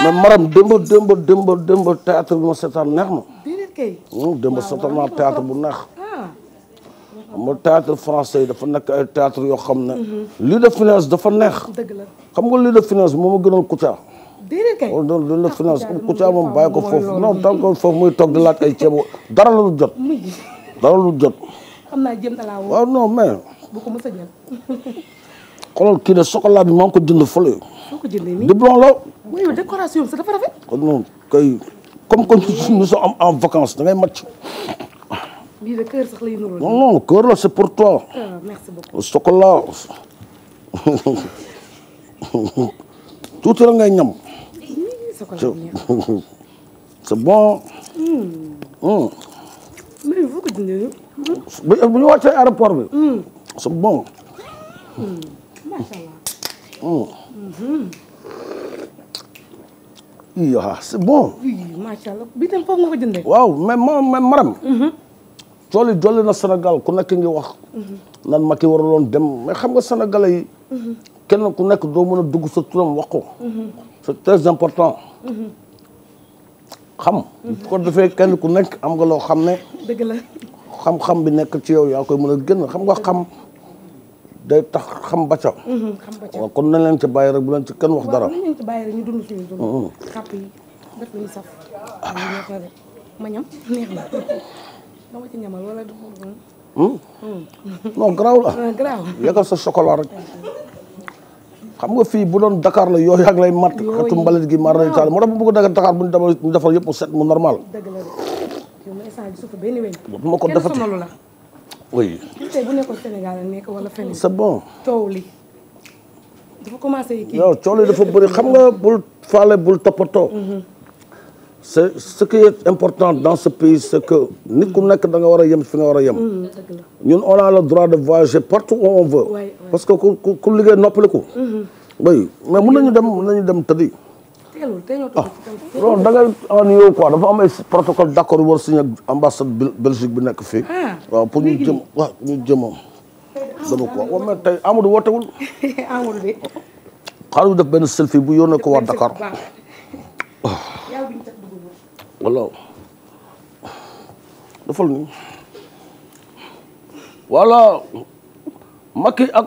mais maram dëmb dëmb dëmb théâtre ma seetaan neex ma. déedéet kay. Hmm, dëmb seetaan théâtre bu neex. Ah. xam nga théâtre français dafa nekk ay théâtre yoo xam ne. lii de finance dafa neex. xam nga lii de a gënoon Kouthia. déedéet kay lii de ah, finance Kouthia moom bàyyi ko foofu non tant que foofu muy toog di lu jot. dara lu jot. na non mais. bu ko mos xoolal kii de chocolat bi maa ko jënd fële. soo ko jëndee nii la. mooy yow décoration bi sax dafa rafet. kon moom kay comme que nous en vacances da ngay màcc. non kër la c'est pour toi. ah ñam. c'est bon. Hmm. Hmm. mais foo ko bi. Hmm. c'est bon. Mmh. Mmh. Yeah, c'est bon. Oui, macha allah bii tam foofu nga waaw mais maram. Mm-hmm. jolli jolli na Sénégal ku nekk ngi wax. Mm-hmm. nan Macky waruloon dem mais xam nga sénégalais yi. Mm-hmm. kenn ku nekk doo mën a dugg sa turam wax ko. c'est très important. xam. ko kenn ku nekk am nga loo xam ne. dëgg la. xam-xam bi nekk ci yow yaa koy mën a génn xam nga xam. day tax xam ba ca. Mhm, xam ba ca waaw kon bu leen ci kenn wax dara. waaw nañ leen ci bàyyi rek ñu dund suñu dund. Mhm. xàpp yi def lu ñu saf. ma ñam neex na hmm? Hmm. la. Ah, garaaw yàggal bu doon Dakar la yooyu ak lay mat. xeetu mbalit gi mar lay taal moo tax bu bëgg a Dakar bu ñu demal ñu defal yëpp mu set mu normal. dëgg la de yow oui. tey bu nekkoon Sénégal nekk wala bon coow li dafa commencé kii. waaw dafa bëri xam nga bul faale bul toppatoo. Mhm. c'est ce qui est important dans ce pays c'est que nit ku nekk da nga war a yem fi nga war a yem. Mhm. ñun on a le droit de voyager partout où on veut. parce que ku ku liggéey noppaliku. Mhm. oui mais mën nañu dem mën nañu dem tëddi. non ah, da ngay en yow a signé ak ambassade Belgique bi nekk fii. Ah, waaw pour ñu jëm waaw ñu jëmam. dama ko waaw mais def benn selfie bu yónnee ko waa Dakar. wala ah. defal ni wala Macky ak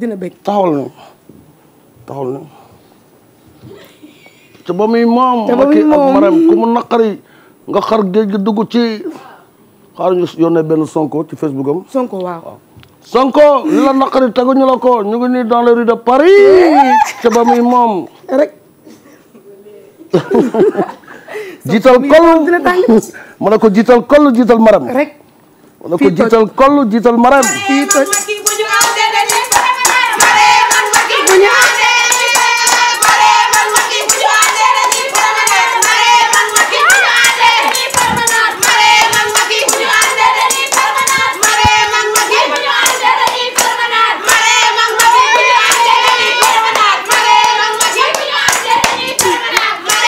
dina bëgg taxawal na taxawal na te ba muy moom maram ku mu naqari nga xar géej gi dugg ci xaar ñu yónnee benn Sonko ci Facebook am Sonko Sonko li la naqari teguñu la ko ñu ngi nii dans les Paris te ba muy moom rek ma ne ko jiital koll jiital maram ma ne ko jiital koll jiital maram